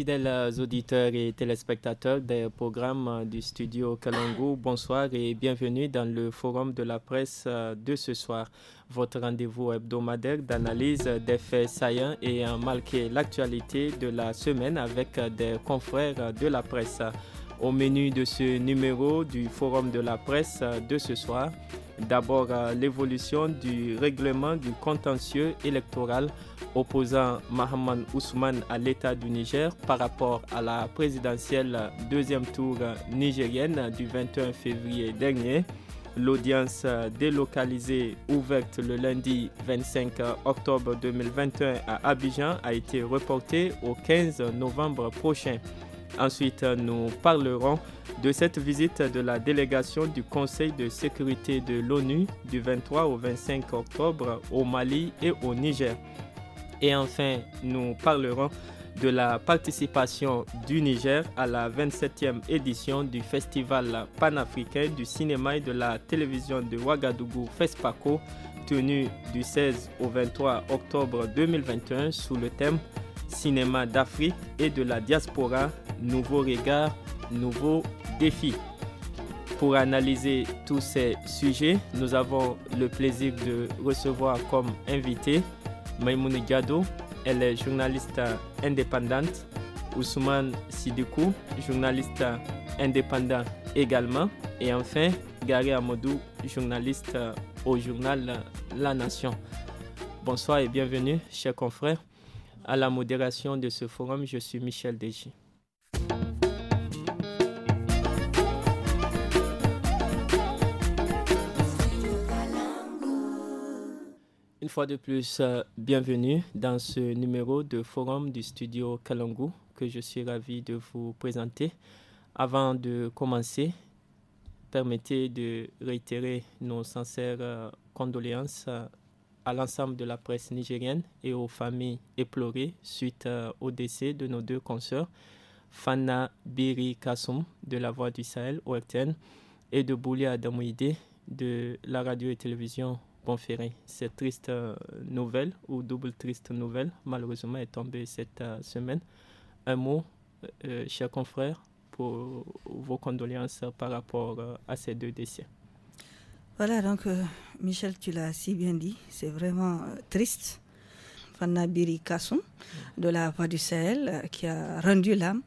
fidèles auditeurs et téléspectateurs des programmes euh, du studio kalango bonsoir et bienvenue dans le forum de la presse euh, de ce soir, votre rendez-vous hebdomadaire d'analyse des faits saillants et euh, marqué l'actualité de la semaine avec des confrères de la presse. Au menu de ce numéro du forum de la presse de ce soir, D'abord, euh, l'évolution du règlement du contentieux électoral opposant Mohamed Ousmane à l'État du Niger par rapport à la présidentielle deuxième tour nigérienne du 21 février dernier. L'audience délocalisée ouverte le lundi 25 octobre 2021 à Abidjan a été reportée au 15 novembre prochain. Ensuite, nous parlerons de cette visite de la délégation du Conseil de sécurité de l'ONU du 23 au 25 octobre au Mali et au Niger. Et enfin, nous parlerons de la participation du Niger à la 27e édition du Festival panafricain du cinéma et de la télévision de Ouagadougou FESPACO, tenu du 16 au 23 octobre 2021 sous le thème Cinéma d'Afrique et de la diaspora, nouveaux regards, nouveaux défis. Pour analyser tous ces sujets, nous avons le plaisir de recevoir comme invité Maïmoune Gado, elle est journaliste indépendante, Ousmane Sidikou, journaliste indépendant également, et enfin Gary Amadou, journaliste au journal La Nation. Bonsoir et bienvenue, chers confrères. À la modération de ce forum, je suis Michel Deji. Une fois de plus, euh, bienvenue dans ce numéro de forum du studio Kalangu que je suis ravi de vous présenter. Avant de commencer, permettez de réitérer nos sincères euh, condoléances euh, à l'ensemble de la presse nigérienne et aux familles éplorées suite euh, au décès de nos deux consoeurs, Fana Biri Kassoum de la Voix du Sahel, ORTN, et de Boulia Adamouide de la radio et télévision Bonferré. Cette triste euh, nouvelle, ou double triste nouvelle, malheureusement est tombée cette euh, semaine. Un mot, chers confrères, pour vos condoléances par rapport à ces deux décès. Voilà, donc euh, Michel, tu l'as si bien dit, c'est vraiment euh, triste. Fanna Biri Kassoum, de la Voix du Sahel, euh, qui a rendu l'âme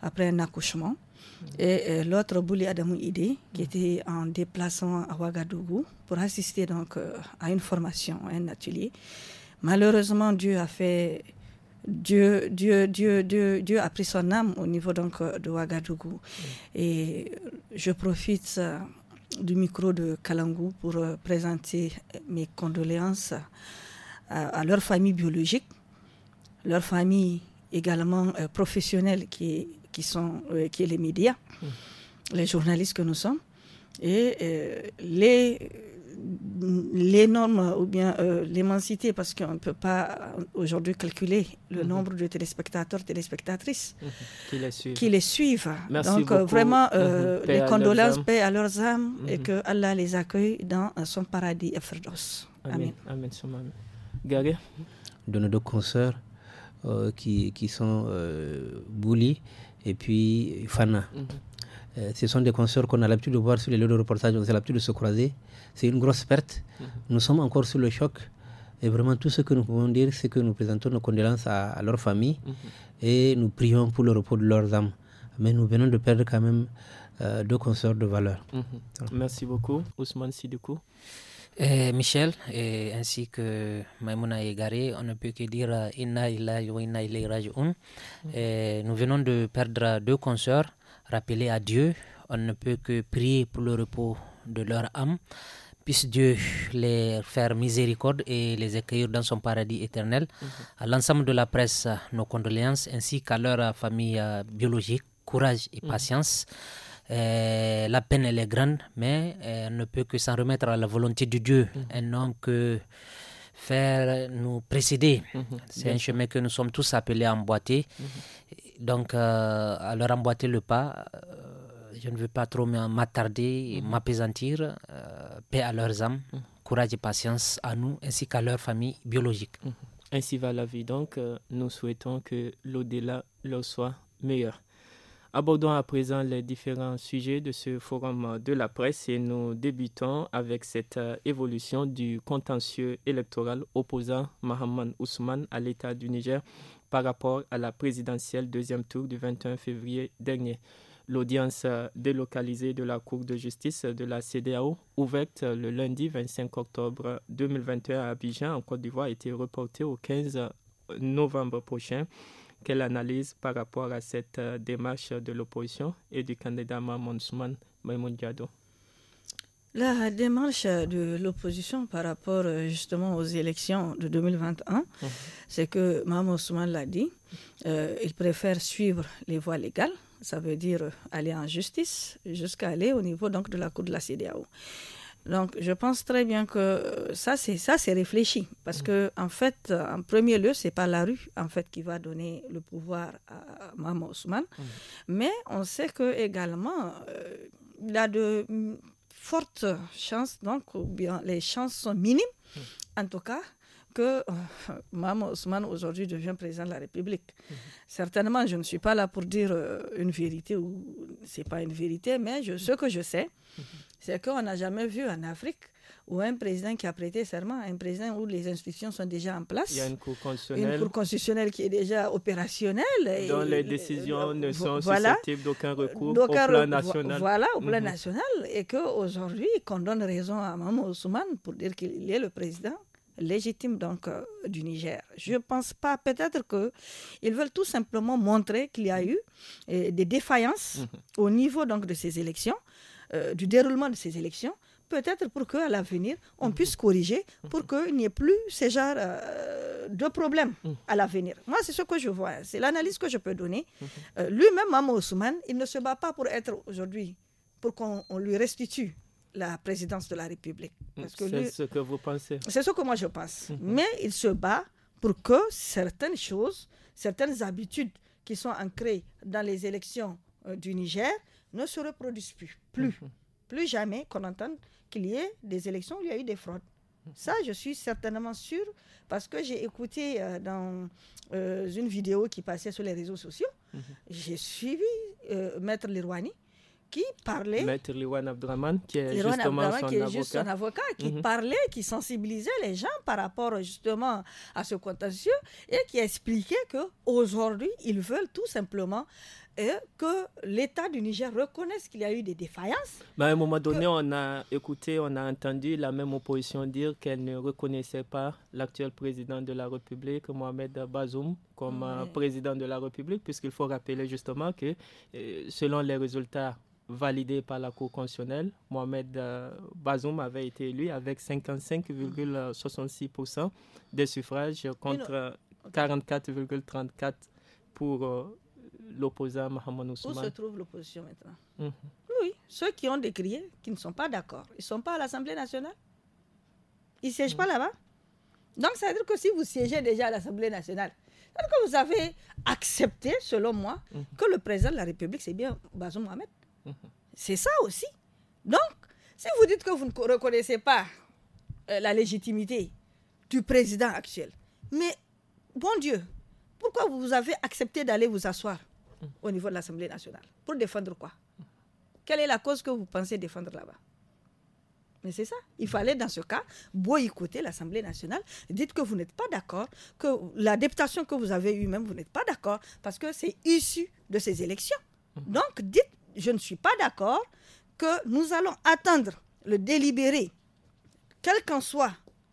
après un accouchement. Et l'autre, Bouli Adamou Ide, qui était en déplacement à Ouagadougou pour assister donc à une formation, un atelier. Malheureusement, Dieu a fait Dieu, Dieu, Dieu, Dieu, Dieu a pris son âme au niveau donc de Ouagadougou. Et je profite du micro de Kalangou pour euh, présenter euh, mes condoléances euh, à, leur famille biologique, leur famille également professionnelle qui, qui, sont, qui est les médias, mmh. les journalistes que nous sommes, et les l'énorme ou bien euh, l'immensité, parce qu'on ne peut pas aujourd'hui calculer le mhm. nombre de téléspectateurs, téléspectatrices mhm. qui, les suivent. Donc vraiment, euh, mhm. les condoléances, paix à leurs âmes et que Allah les accueille dans son paradis et Amen. Amen. De nos deux consoeurs euh, qui, qui, sont Bouli et puis Fana. Euh, ce sont des consoeurs qu'on a l'habitude de voir sur les lieux de reportage, on a l'habitude de se croiser. C'est une grosse perte. Mhm. Nous sommes encore sous le choc. Et vraiment, tout ce que nous pouvons dire, c'est que nous présentons nos condoléances à, leur famille mhm. et nous prions pour le repos de leurs âmes. Mais nous venons de perdre quand même euh, deux consoeurs de valeur. Mhm. Merci beaucoup, Ousmane Sidoukou. Michel, et ainsi que Maimouna Egaré, on ne peut que dire euh, Nous venons de perdre deux consoeurs. Rappeler à Dieu. On ne peut que prier pour le repos de leur âme. Puisse Dieu les faire miséricorde et les accueillir dans son paradis éternel. Mhm. À l'ensemble de la presse, nos condoléances, ainsi qu'à leur famille euh, biologique, courage et mhm. patience. Euh, la peine, elle est grande, mais euh, on ne peut que s'en remettre à la volonté de Dieu. et mhm. non que faire nous précéder. C'est un chemin que nous sommes tous appelés à emboîter. Donc, euh, à leur emboîter le pas, euh, je ne veux pas trop m'attarder, mhm. m'apaisantir. Euh, paix à leurs âmes, mhm. courage et patience à nous ainsi qu'à leur famille biologique. Mhm. Ainsi va la vie. Donc, nous souhaitons que l'au-delà leur soit meilleur. Abordons à présent les différents sujets de ce forum de la presse et nous débutons avec cette évolution du contentieux électoral opposant Mohamed Ousmane à l'État du Niger par rapport à la présidentielle deuxième tour du 21 février dernier. L'audience euh, délocalisée de la Cour de justice de la CDAO, ouverte euh, le lundi 25 octobre 2021 à Abidjan, en Côte d'Ivoire, a été reportée au 15 novembre prochain. Quelle analyse par rapport à cette euh, démarche de l'opposition et du candidat Mamoun Souman la démarche de l'opposition par rapport euh, justement aux élections de 2021, mhm. c'est que Mahmoud Ousmane l'a dit, euh, il préfère suivre les voies légales, ça veut dire euh, aller en justice jusqu'à aller au niveau donc de la Cour de la CDAO. Donc, je pense très bien que ça, c'est ça, c'est réfléchi, parce mhm. que en fait, en premier lieu, c'est pas la rue en fait qui va donner le pouvoir à Mahmoud Ousmane, mhm. mais on sait que également, euh, il a de fortes chances, donc, ou bien les chances sont minimes, hmm. en tout cas, que euh, Mme Ousmane aujourd'hui devient président de la République. Hmm. Certainement, je ne suis pas là pour dire euh, une vérité ou c'est pas une vérité, mais je, ce que je sais, hmm. c'est qu'on n'a jamais vu en Afrique ou un président qui a prêté serment, un président où les institutions sont déjà en place. Il y a une cour constitutionnelle. Une cour constitutionnelle qui est déjà opérationnelle. Dont les décisions ne sont susceptibles d'aucun euh, recours au plan national. Voilà, au plan mhm. national. Et qu'aujourd'hui, qu'on donne raison à Mamou Ousmane pour dire qu'il est le président légitime donc euh, du Niger. Je ne pense pas, peut-être qu'ils veulent tout simplement montrer qu'il y a eu euh, des défaillances mhm. au niveau donc de ces élections, du déroulement de ces élections, peut-être pour qu'à l'avenir, on mhm. puisse corriger pour mhm. qu'il n'y ait plus ce genre euh, de problème mhm. à l'avenir. Moi, c'est ce que je vois, c'est l'analyse que je peux donner. Euh, lui-même, Mamadou Ousmane, il ne se bat pas pour être aujourd'hui, pour qu'on lui restitue la présidence de la République. Mm, c'est ce que vous pensez. C'est ce que moi je pense. Mais il se bat pour que certaines choses, certaines habitudes qui sont ancrées dans les élections euh, du Niger ne se reproduisent plus plus jamais qu'on entende qu'il y ait des élections où il y a eu des fraudes. Ça, je suis certainement sûre parce que j'ai écouté euh, dans euh, une vidéo qui passait sur les réseaux sociaux, mhm. j'ai suivi euh, Maître Lirouani qui parlait. Maître Lirouane Abdraman, qui est justement son avocat. avocat, qui mhm. parlait, qui sensibilisait les gens par rapport justement à ce contentieux et qui expliquait qu'aujourd'hui, ils veulent tout simplement et que l'État du Niger reconnaisse qu'il y a eu des défaillances. Mais bah, à un moment donné, on a écouté, on a entendu la même opposition dire qu'elle ne reconnaissait pas l'actuel président de la République, Mohamed Bazoum, comme euh, président de la République, puisqu'il faut rappeler justement que euh, selon les résultats validés par la Cour constitutionnelle. Mohamed euh, Bazoum avait été élu avec 55,66% des suffrages contre 44,34% pour l'opposant Mohamed Ousmane. Où se trouve l'opposition maintenant mhm. Oui, ceux qui ont décrié, qui ne sont pas d'accord, ils ne sont pas à l'Assemblée nationale. Ils ne siègent pas mhm. là-bas. Donc, ça veut dire que si vous siégez déjà à l'Assemblée nationale, ça veut dire que vous avez accepté, selon moi, mhm. que le président de la République, c'est bien Bazoum Mohamed. C'est ça aussi. Donc, si vous dites que vous ne reconnaissez pas euh, la légitimité du président actuel, mais bon Dieu, pourquoi vous avez accepté d'aller vous asseoir au niveau de l'Assemblée nationale. Pour défendre quoi Quelle est la cause que vous pensez défendre là-bas mais c'est ça. Il fallait, dans ce cas, boycotter l'Assemblée nationale. Dites que vous n'êtes pas d'accord, que la députation que vous avez eue, même, vous n'êtes pas d'accord, parce que c'est issu de ces élections. Donc, dites, je ne suis pas d'accord que nous allons attendre le délibéré, quel qu'en soit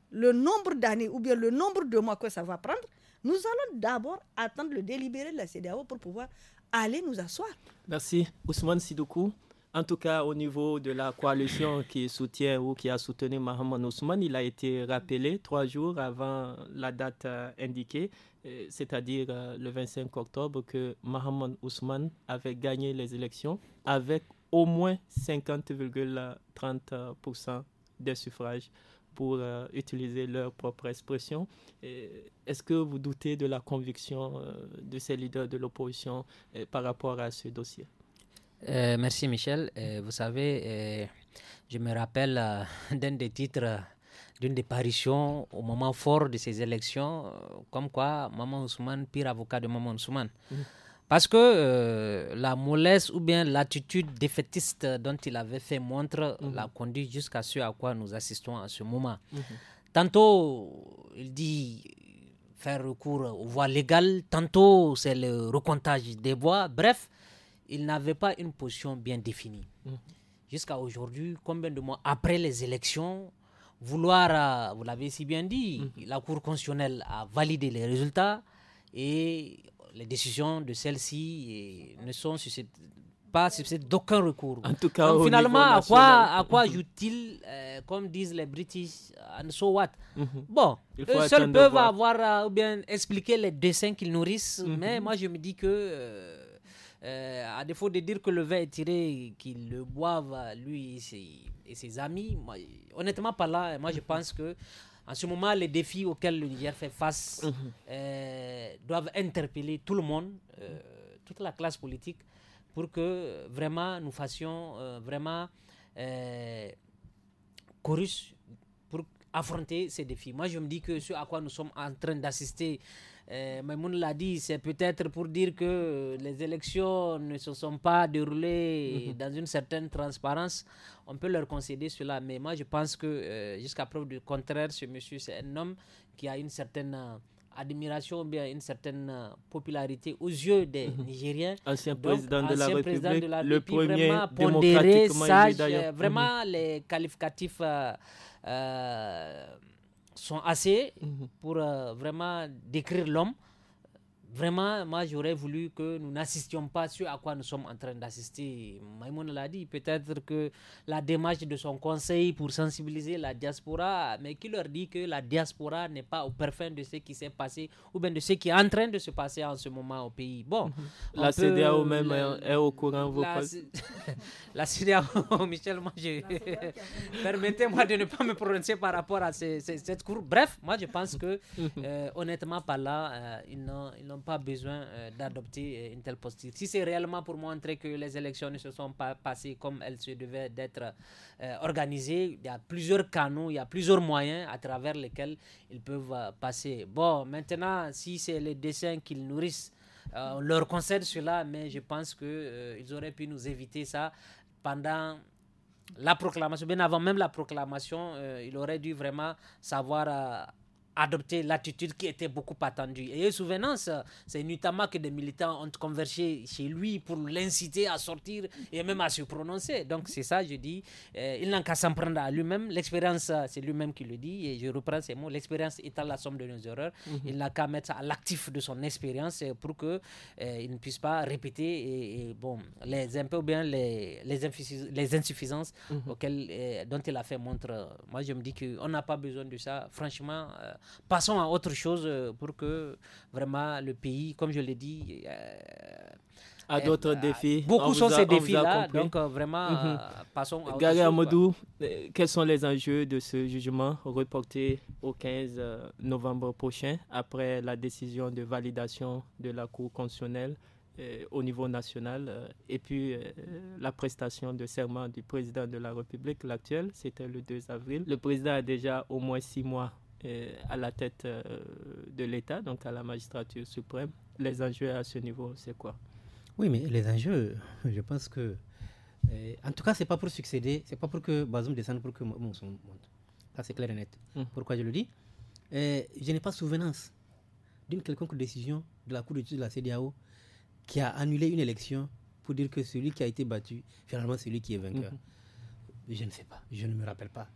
le nombre d'années ou bien le nombre de mois que ça va prendre, nous allons d'abord attendre le délibéré de la CDAO pour pouvoir aller nous asseoir. Merci. Ousmane Sidoukou. En tout cas, au niveau de la coalition qui soutient ou qui a soutenu Mohamed Ousmane, il a été rappelé trois jours avant la date euh, indiquée, euh, c'est-à-dire euh, le 25 octobre, que Mohamed Ousmane avait gagné les élections avec au moins 50,30% des suffrages pour euh, utiliser leur propre expression. Est-ce que vous doutez de la conviction euh, de ces leaders de l'opposition euh, par rapport à ce dossier Merci Michel. vous savez, je me rappelle d'un des titres d'une des parutions au moment fort de ces élections, comme quoi Maman Ousmane, pire avocat de Maman Ousmane. Mmh. Parce que euh, la mollesse ou bien l'attitude défaitiste dont il avait fait montre mhm. l'a conduit jusqu'à ce à quoi nous assistons en ce moment. Mhm. Tantôt, il dit faire recours aux voies légales, tantôt c'est le recontage des voix. Bref, il n'avait pas une position bien définie. Mhm. Jusqu'à aujourd'hui, combien de mois après les élections, vouloir, euh, vous l'avez si bien dit, la Cour constitutionnelle a validé les résultats et les décisions de celle-ci ne sont pas susceptibles d'aucun recours. En tout cas, finalement, à quoi, à quoi mm-hmm. t il euh, comme disent les British, and so what mm-hmm. Bon, eux seuls peuvent avoir euh, ou bien expliquer les dessins qu'ils nourrissent, mm-hmm. mais moi je me dis que. Euh, à défaut de dire que le vin est tiré, qu'il le boive lui et ses, amis, honnêtement pas là. Moi, je pense que en ce moment, les défis auxquels le Niger fait face mhm. euh, doivent interpeller tout le monde, euh, toute la classe politique, pour que vraiment nous fassions euh, vraiment chorus affronter ces défis. Moi, je me dis que ce à quoi nous sommes en train d'assister, euh, l'a dit, c'est peut-être pour dire que euh, les élections ne se sont pas déroulées mhm. dans une certaine transparence. On peut leur concéder cela, mais moi, je pense que, euh, jusqu'à preuve du contraire, ce monsieur, c'est un homme qui a une certaine. Euh, admiration, bien une certaine popularité aux yeux des mhm. Nigériens. Ancien président, de, la République, le premier vraiment pondéré, sage, vraiment mhm. les qualificatifs euh, sont assez mm-hmm. pour euh, vraiment décrire l'homme vraiment, moi, j'aurais voulu que nous n'assistions pas à ce à quoi nous sommes en train d'assister. Maïmoun l'a dit, peut-être que la démarche de son conseil pour sensibiliser la diaspora, mais qui leur dit que la diaspora n'est pas au parfum de ce qui s'est passé ou bien de ce qui est en train de se passer en ce moment au pays. Bon, mhm. la CDAO même euh, est au courant. Vos la, la CDAO, Michel, moi, permettez-moi de ne pas me prononcer par rapport à cette cour. Bref, moi, je pense que, euh, honnêtement, par là, euh, ils n'ont pas besoin euh, d'adopter euh, une telle posture. Si c'est réellement pour montrer que les élections ne se sont pas passées comme elles se devaient d'être euh, organisées, il y a plusieurs canaux, il y a plusieurs moyens à travers lesquels ils peuvent passer. Bon, maintenant, si c'est les dessins qu'ils nourrissent, on leur concède cela, mais je pense qu'ils ils auraient pu nous éviter ça pendant la proclamation, bien avant même la proclamation, ils auraient dû vraiment savoir à adopter l'attitude qui était beaucoup attendue. Et souvenance, c'est notamment que des militants ont convergé chez lui pour l'inciter à sortir et même à se prononcer. Donc c'est ça, je dis, euh, il n'a qu'à s'en prendre à lui-même. L'expérience, c'est lui-même qui le dit, et je reprends ces mots, l'expérience étant la somme de nos erreurs, mhm. il n'a qu'à mettre à l'actif de son expérience euh, pour qu'il euh, il ne puisse pas répéter et, bon, les bien les, les, insuffisances mhm. auxquelles, dont il a fait montre. Moi, je me dis qu'on n'a pas besoin de ça. Franchement, Passons à autre chose euh, pour que vraiment le pays, comme je l'ai dit, euh, à euh, d'autres défis. Beaucoup sont ces défis-là, donc vraiment, passons mhm. passons à Gary Amadou, bah. quels sont les enjeux de ce jugement reporté au 15 novembre prochain après la décision de validation de la Cour constitutionnelle au niveau national et puis la prestation de serment du président de la République, l'actuel, c'était le 2 avril. Le président a déjà au moins six mois euh, à la tête euh, de l'État, donc à la magistrature suprême. Les enjeux à ce niveau, c'est quoi Oui, mais les enjeux, je pense que. Euh, en tout cas, c'est pas pour succéder, c'est pas pour que Bazoum descende, pour que Monson monte. Ça, c'est clair et net. Hum. Pourquoi je le dis Je n'ai pas souvenance d'une quelconque décision de la Cour de justice de la CDAO qui a annulé une élection pour dire que celui qui a été battu, finalement, c'est lui qui est vainqueur. Je ne sais pas, je ne me rappelle pas.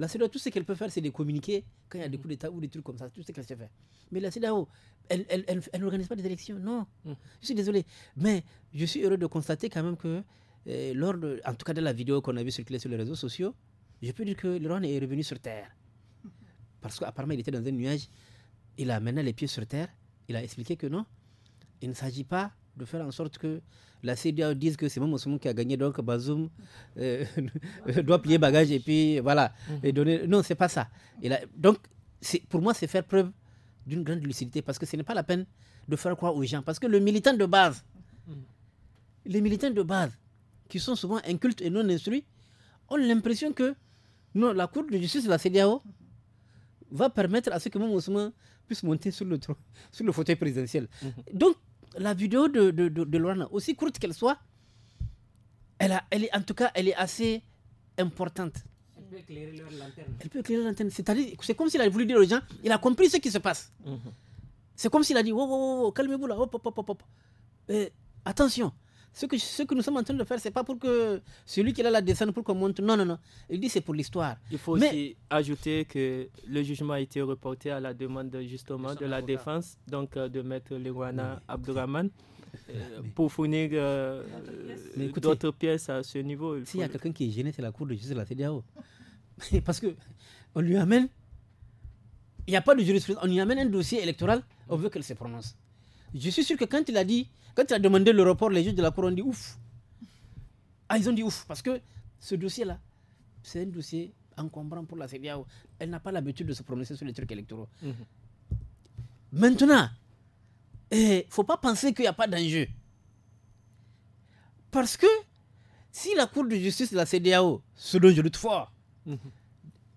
La CEDAO, tout ce qu'elle peut faire, c'est de communiquer quand il y a des coups d'État ou des trucs comme ça. Tout ce qu'elle sait faire. Mais la CEDAO, elle, elle, n'organise pas des élections. Non. Hmm. Je suis désolé. Mais je suis heureux de constater quand même que, eh, lors en tout cas de la vidéo qu'on a vue circuler sur les réseaux sociaux, je peux dire que le est revenu sur terre. Parce qu'apparemment, il était dans un nuage. Il a mené les pieds sur terre. Il a expliqué que non, il ne s'agit pas de faire en sorte que la CDAO dise que c'est Mamoussoumou qui a gagné, donc Bazoum euh, doit plier bagage et puis voilà, mhm. et donner. Non, c'est pas ça. donc, pour moi, c'est faire preuve d'une grande lucidité parce que ce n'est pas la peine de faire croire aux gens. Parce que le militant de base, mhm. les militants de base, qui sont souvent incultes et non instruits, ont l'impression que non, la Cour de justice de la CDAO va permettre à ce que Mamoussoumou puisse monter sur le, sur le fauteuil présidentiel. Mhm. Donc, la vidéo de, de, de, de aussi courte qu'elle soit, elle, a, elle est, en tout cas, elle est assez importante. Elle peut éclairer leur lanterne. Elle peut éclairer cest c'est comme s'il a voulu dire aux gens, il a compris ce qui se passe. Mhm. C'est comme s'il a dit, oh, oh, oh calmez-vous là, hop, hop, hop, hop. Euh, attention, ce que, ce que nous sommes en train de faire, c'est pas pour que celui qui a la descende pour qu'on monte. Non, non, non. Il dit c'est pour l'histoire. Il faut aussi ajouter que le jugement a été reporté à la demande justement de la défense, donc euh, de maître Lerouana Abdourahman euh, pour fournir euh, d'autres pièces. à ce niveau. S'il y a quelqu'un qui est gêné, c'est la Cour de justice de la CDAO. Parce qu'on lui amène, il n'y a pas de jurisprudence, on lui amène un dossier électoral, on veut qu'elle se prononce. Je suis sûr que quand il a dit quand tu as demandé le report, les juges de la Cour ont dit ouf. Ah, ils ont dit ouf, parce que ce dossier-là, c'est un dossier encombrant pour la CDAO. Elle n'a pas l'habitude de se prononcer sur les trucs électoraux. Mhm. Maintenant, il eh, ne faut pas penser qu'il n'y a pas d'enjeu. Parce que si la Cour de justice de la CDAO, ce dont je mhm.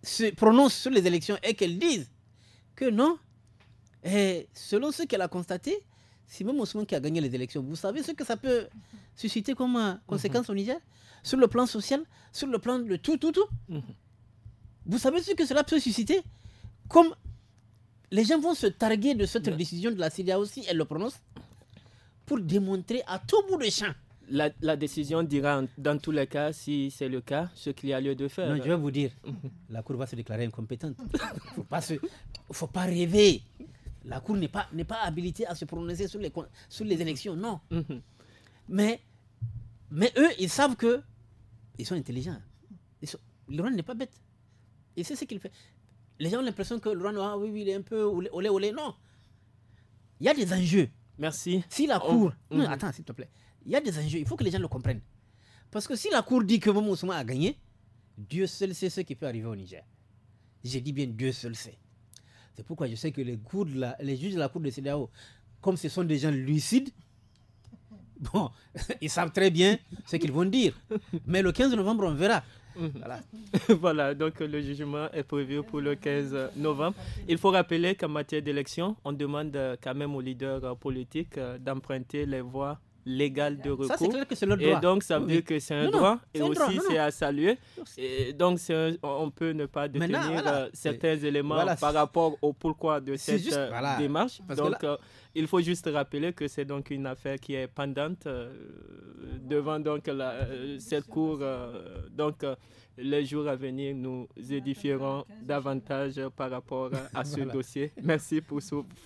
se prononce sur les élections et qu'elle dise que non, eh, selon ce qu'elle a constaté, si même Ousmane qui a gagné les élections. Vous savez ce que ça peut susciter comme euh, conséquence au Niger Sur le plan social, sur le plan de tout, tout, tout. Mhm. Vous savez ce que cela peut susciter Comme les gens vont se targuer de cette décision de la CIDA aussi, elle le prononce, pour démontrer à tout bout de champ. La, décision dira dans tous les cas, si c'est le cas, ce qu'il y a lieu de faire. Non, je vais vous dire, mhm. la Cour va se déclarer incompétente. Il ne faut pas rêver. La Cour n'est pas, n'est pas habilitée à se prononcer sur les, les élections, non. Mhm. mais, mais eux, ils savent que ils sont intelligents. Le sont, n'est pas bête. Et c'est ce qu'il fait. Les gens ont l'impression que le ah oui, oui, il est un peu olé, olé. Non. Il y a des enjeux. Merci. Si la oh. Cour. Mhm. attends, s'il te plaît. Il y a des enjeux. Il faut que les gens le comprennent. Parce que si la Cour dit que Momo a gagné, Dieu seul sait ce qui peut arriver au Niger. J'ai dit bien Dieu seul sait. C'est pourquoi je sais que les, juges de la Cour de CDAO, comme ce sont des gens lucides, bon, ils savent très bien ce qu'ils vont dire. Mais le 15 novembre, on verra. Voilà. voilà, donc le jugement est prévu pour le 15 novembre. Il faut rappeler qu'en matière d'élection, on demande quand même aux leaders politiques d'emprunter les voies légal de recours. Et donc, ça veut dire que c'est un droit. et aussi, c'est à saluer. Et donc, on peut ne pas détenir euh, certains éléments par rapport au pourquoi de cette euh, démarche. donc, euh, il faut juste rappeler que c'est donc une affaire qui est pendante devant donc cette cour. donc, les jours à venir, nous édifierons davantage par rapport à ce dossier. Merci pour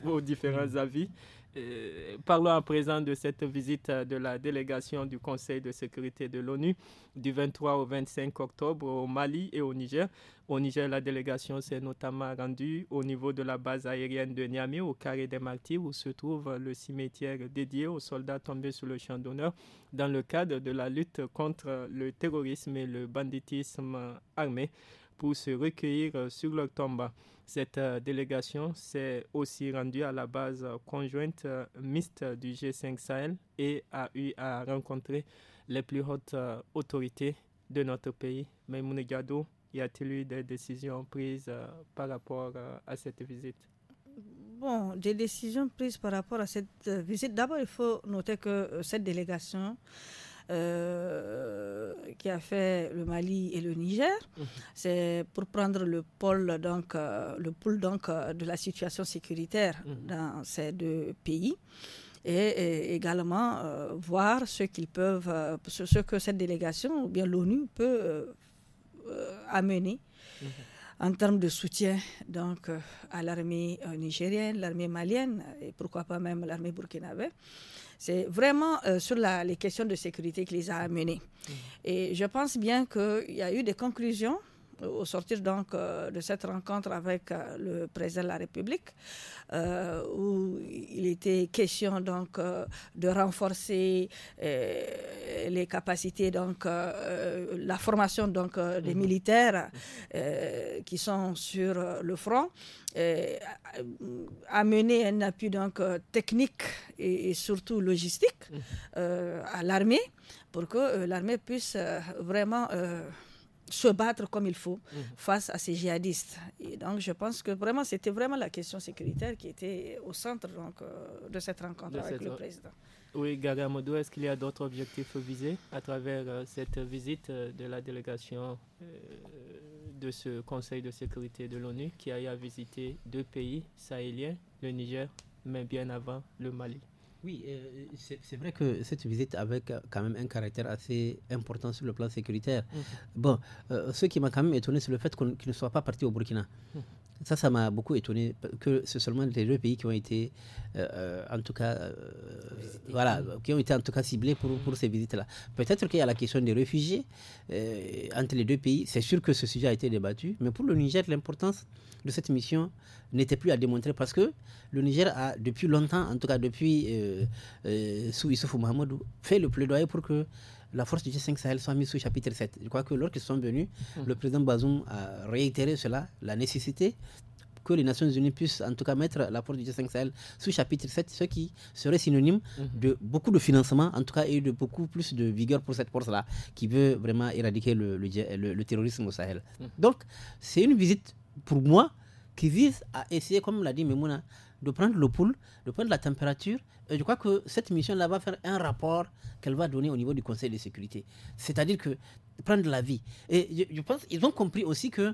vos différents avis. Euh, parlons à présent de cette visite de la délégation du Conseil de sécurité de l'ONU du 23 au 25 octobre au Mali et au Niger. Au Niger, la délégation s'est notamment rendue au niveau de la base aérienne de Niamey, au carré des Martyrs, où se trouve le cimetière dédié aux soldats tombés sur le champ d'honneur dans le cadre de la lutte contre le terrorisme et le banditisme armé pour se recueillir sur leur tombe. Cette euh, délégation s'est aussi rendue à la base euh, conjointe euh, mixte du G5 Sahel et a eu à rencontrer les plus hautes autorités de notre pays. Mais Mounegado, y a-t-il eu des décisions prises par rapport à cette visite Bon, des décisions prises par rapport à cette visite. D'abord, il faut noter que cette délégation euh, qui a fait le Mali et le Niger. Mmh. C'est pour prendre le pôle donc euh, le pôle donc euh, de la situation sécuritaire mmh. dans ces deux pays et, également voir ce qu'ils peuvent ce, que cette délégation ou bien l'ONU peut amener. Mmh. en termes de soutien donc à l'armée nigérienne, l'armée malienne et pourquoi pas même l'armée burkinabé. C'est vraiment euh, sur les questions de sécurité qui les a amenés. Mmh. Et je pense bien qu'il y a eu des conclusions au sortir donc euh, de cette rencontre avec euh, le président de la République, euh, où il était question donc de renforcer les capacités donc la formation donc des mhm. militaires qui sont sur le front, amener un appui donc technique et, et surtout logistique mhm. à l'armée pour que l'armée puisse vraiment se battre comme il faut mhm. face à ces djihadistes. Et donc, je pense que vraiment, c'était vraiment la question sécuritaire qui était au centre donc, euh, de cette rencontre avec le président. Oui, Garamodo, est-ce qu'il y a d'autres objectifs visés à travers euh, cette visite euh, de la délégation de ce Conseil de sécurité de l'ONU qui a visité deux pays sahéliens, le Niger, mais bien avant le Mali oui, euh, euh, c'est vrai que cette visite avait quand même un caractère assez important sur le plan sécuritaire. Mmh. Bon, euh, ce qui m'a quand même étonné, c'est le fait qu'il ne soit pas parti au Burkina. Mmh. Ça, ça m'a beaucoup étonné que ce seulement les deux pays qui ont été, euh, euh, en tout cas, euh, voilà, qui ont été en tout cas ciblés pour, ces visites-là. Peut-être qu'il y a la question des réfugiés entre les deux pays. C'est sûr que ce sujet a été débattu, mais pour le Niger, l'importance de cette mission n'était plus à démontrer parce que le Niger a, depuis longtemps, en tout cas depuis sous Issoufou Mahamadou, fait le plaidoyer pour que la force du G5 Sahel soit mise sous chapitre 7. Je crois que lorsqu'ils sont venus, hmm. le président Bazoum a réitéré cela, la nécessité que les Nations Unies puissent en tout cas mettre la force du G5 Sahel sous chapitre 7, ce qui serait synonyme hmm. de beaucoup de financement, en tout cas, et de beaucoup plus de vigueur pour cette force-là, qui veut vraiment éradiquer le, le, terrorisme au Sahel. Hmm. Donc, c'est une visite, pour moi, qui vise à essayer, comme l'a dit Memouna, de prendre le pouls, de prendre la température. Et je crois que cette mission-là va faire un rapport qu'elle va donner au niveau du Conseil de sécurité. C'est-à-dire que prendre la vie. Et je, je pense qu'ils ont compris aussi que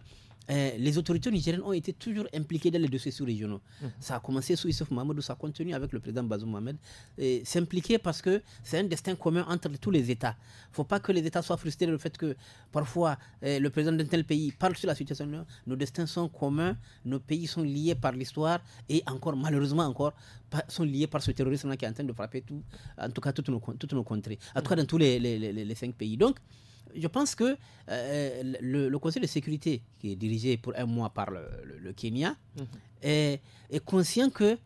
euh, les autorités nigériennes ont été toujours impliquées dans les dossiers sous-régionaux. Mhm. Ça a commencé sous Issouf Mahmoud, ça continue avec le président Bazoum Mohamed. S'impliquer parce que c'est un destin commun entre tous les États. Il ne faut pas que les États soient frustrés le fait que parfois euh, le président d'un tel pays parle sur la situation. Nos destins sont communs, nos pays sont liés par l'histoire et encore, malheureusement encore, sont liés par ce terrorisme-là qui est en train de frapper tout, en tout cas toutes nos, toutes nos contrées, en tout cas mhm. dans tous les, les, les, les cinq pays. Donc, je pense que euh, le, Conseil de sécurité, qui est dirigé pour un mois par le, Kenya, mhm. est, conscient que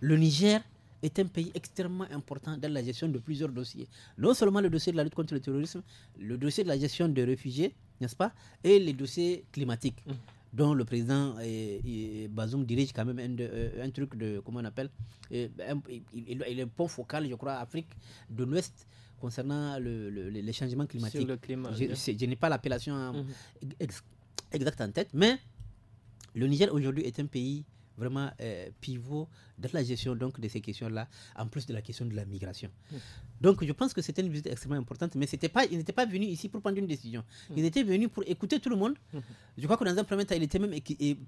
le Niger est un pays extrêmement important dans la gestion de plusieurs dossiers. Non seulement le dossier de la lutte contre le terrorisme, le dossier de la gestion des réfugiés, n'est-ce pas, et les dossiers climatiques. Mhm. dont le président eh, eh, Bazoum dirige quand même euh, un, truc de, comment on appelle, eh, ben, il, est un pont focal, je crois, Afrique de l'Ouest concernant le, les changements climatiques. je, n'ai pas l'appellation mhm. exacte en tête, mais le Niger aujourd'hui est un pays vraiment euh, pivot dans la gestion donc, de ces questions-là, en plus de la question de la migration. Donc je pense que c'était une visite extrêmement importante, mais pas, ils n'étaient pas venus ici pour prendre une décision. Ils étaient venus pour écouter tout le monde. Je crois que dans un premier temps, il était même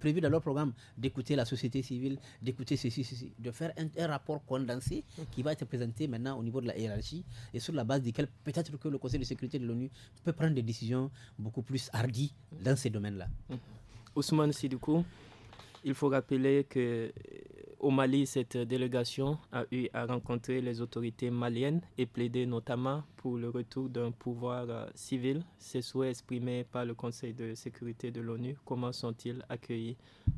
prévu dans leur programme d'écouter la société civile, d'écouter ceci, ceci, de faire un, rapport condensé qui va être présenté maintenant au niveau de la hiérarchie et sur la base duquel peut-être que le Conseil de sécurité de l'ONU peut prendre des décisions beaucoup plus hardies dans ces domaines-là. Ousmane Sidoukou, il faut rappeler que euh, au Mali, cette délégation a eu à rencontrer les autorités maliennes et plaider notamment pour le retour d'un pouvoir euh, civil. Ces souhaits exprimés par le Conseil de sécurité de l'ONU, comment sont-ils accueillis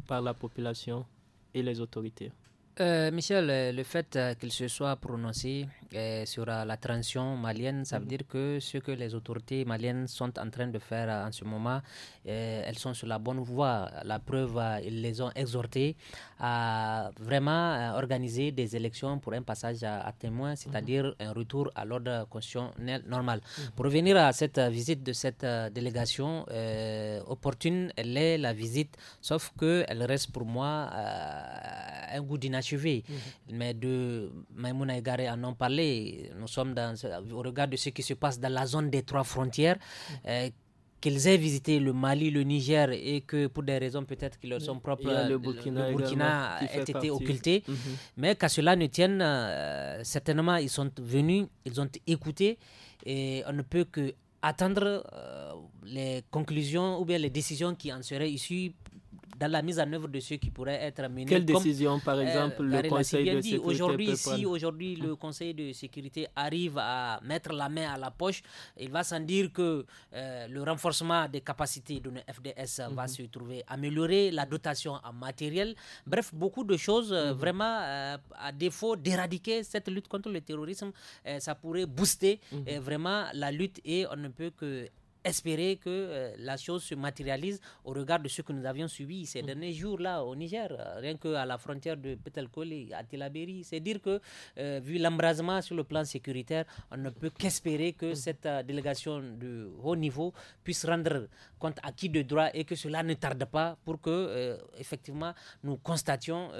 par la population et les autorités euh, Michel, euh, le fait euh, qu'il se soit prononcé euh, sur la transition malienne, ça veut mhm. dire que ce que les autorités maliennes sont en train de faire en ce moment, elles sont sur la bonne voie. La preuve, ils les ont exhortés à vraiment organiser des élections pour un passage à, témoin, mhm. c'est-à-dire un retour à l'ordre constitutionnel normal. Mhm. Pour revenir à cette visite de cette délégation, opportune, elle est la visite, sauf qu'elle reste pour moi un goût de Mhm. Mais de Maïmouna Egaré en ont parlé. Nous sommes dans, au regard de ce qui se passe dans la zone des trois frontières. Mhm. Euh, qu'ils aient visité le Mali, le Niger et que pour des raisons peut-être qui leur sont propres, le Burkina, a été occulté. Mhm. Mais qu'à cela ne tienne, euh, certainement ils sont venus, ils ont écouté et on ne peut que attendre euh, les conclusions ou bien les décisions qui en seraient issues dans la mise en œuvre de ce qui pourrait être mené. Quelle décision, par euh, exemple, le Conseil de sécurité Aujourd'hui, si aujourd'hui le hum. Conseil de sécurité arrive à mettre la main à la poche, il va sans dire que euh, le renforcement des capacités de nos FDS va hum. se trouver amélioré, la dotation en matériel, bref, beaucoup de choses euh, hum vraiment à défaut d'éradiquer cette lutte contre le terrorisme, ça pourrait booster vraiment la lutte et on ne peut que espérer que euh, la chose se matérialise au regard de ce que nous avions subi ces mm. derniers jours-là au Niger, euh, rien qu'à la frontière de Petelkoli, à Tilaberi. C'est dire que, euh, vu l'embrasement sur le plan sécuritaire, on ne peut qu'espérer que mm. cette délégation de haut niveau puisse rendre compte à qui de droit et que cela ne tarde pas pour que, effectivement, nous constations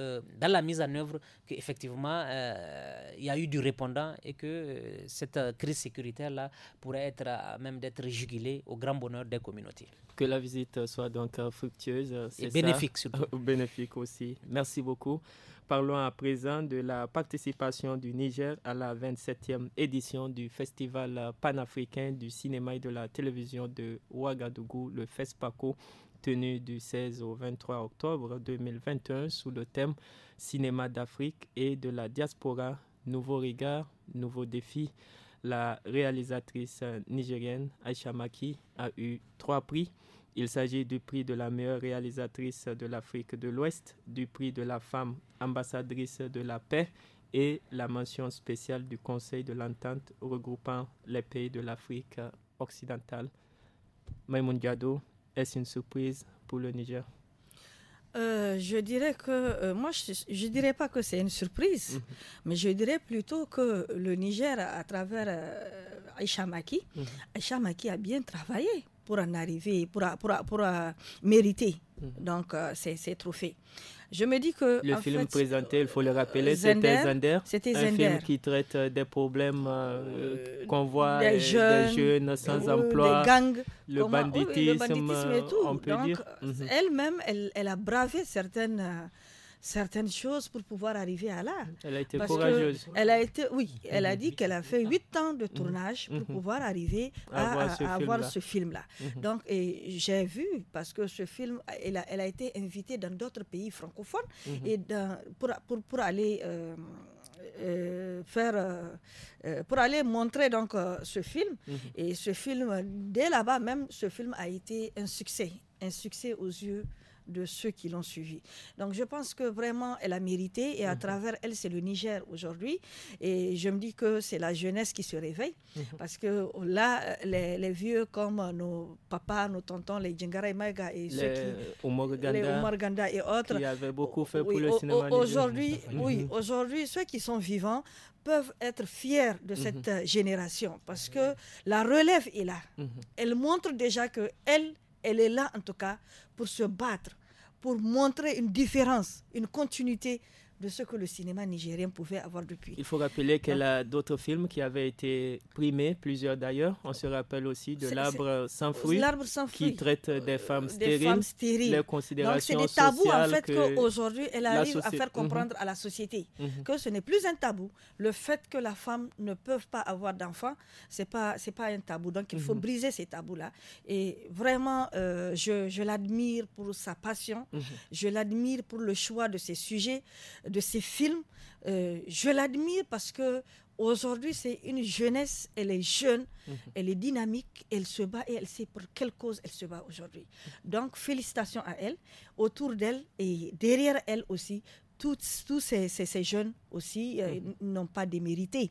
dans la mise en œuvre qu'effectivement, il y a eu du répondant et que cette crise sécuritaire-là pourrait être même d'être jugulée au grand bonheur des communautés. Que la visite soit donc euh, fructueuse euh, et bénéfique bénéfique aussi. Merci beaucoup. Parlons à présent de la participation du Niger à la 27e édition du Festival panafricain du cinéma et de la télévision de Ouagadougou, le FESPACO, tenu du 16 au 23 octobre 2021 sous le thème Cinéma d'Afrique et de la diaspora, nouveaux regards, nouveaux défis. La réalisatrice euh, nigérienne Aisha Maki a eu trois prix. Il s'agit du prix de la meilleure réalisatrice de l'Afrique de l'Ouest, du prix de la femme ambassadrice de la paix et la mention spéciale du Conseil de l'Entente regroupant les pays de l'Afrique occidentale. Maïmoun Gado, est-ce une surprise pour le Niger? Euh, je dirais que euh, moi, je ne dirais pas que c'est une surprise, mhm. mais je dirais plutôt que le Niger, à travers euh, Aïcha Maki, mhm. a bien travaillé pour en arriver, pour, pour, euh, mériter mhm. donc ces, ces trophées. Je me dis que. Le film présenté, il faut le rappeler, euh, c'était Zander. C'était Un film qui traite euh, des problèmes euh, qu'on voit des, jeunes, des sans emploi, des gangs, le, banditisme, le banditisme et tout. On peut Donc, dire. Elle-même, elle, elle, a bravé certaines certaines choses pour pouvoir arriver à là. Elle a été courageuse. Elle a oui, mhm. elle a dit qu'elle a fait huit ans de tournage pour mhm. Mhm. pouvoir arriver à, voir ce film-là. Donc, j'ai vu, parce que ce film, elle a, été invitée dans d'autres pays francophones et pour, aller... Euh, euh, faire euh, pour aller montrer donc ce film et ce film dès là-bas même ce film a été un succès un succès aux yeux de ceux qui l'ont suivi. Donc je pense que vraiment, elle a mérité et à mhm. travers elle, c'est le Niger aujourd'hui. Et je me dis que c'est la jeunesse qui se réveille mhm. parce que là, les, vieux comme nos papas, nos tontons, les Djingara et Maïga et ceux qui. et autres. Qui avaient beaucoup oh, fait pour le oh, cinéma. Oh, aujourd'hui, mhm. oui, aujourd'hui, ceux qui sont vivants peuvent être fiers de cette génération parce que la relève est là. Elle montre déjà que elle elle est là en tout cas pour se battre, pour montrer une différence, une continuité de ce que le cinéma nigérien pouvait avoir depuis. Il faut rappeler qu'elle a d'autres films qui avaient été primés, plusieurs d'ailleurs. On se rappelle aussi de L'arbre sans fruit qui traite des euh, femmes stériles, Donc c'est des tabous en fait qu'aujourd'hui elle arrive à faire comprendre mhm. à la société mhm. que ce n'est plus un tabou. Le fait que la femme ne peut pas avoir d'enfants, c'est pas c'est pas un tabou. Donc il faut mhm. briser ces tabous là. Et vraiment, euh, je, je l'admire pour sa passion, je l'admire pour le choix de ses sujets de ces films. Euh, je l'admire parce que aujourd'hui, c'est une jeunesse, elle est jeune, mhm. elle est dynamique, elle se bat et elle sait pour quelle cause elle se bat aujourd'hui. Donc, félicitations à elle, autour d'elle et derrière elle aussi, tous, tous ces jeunes aussi euh, mm-hmm. n'ont pas démérité.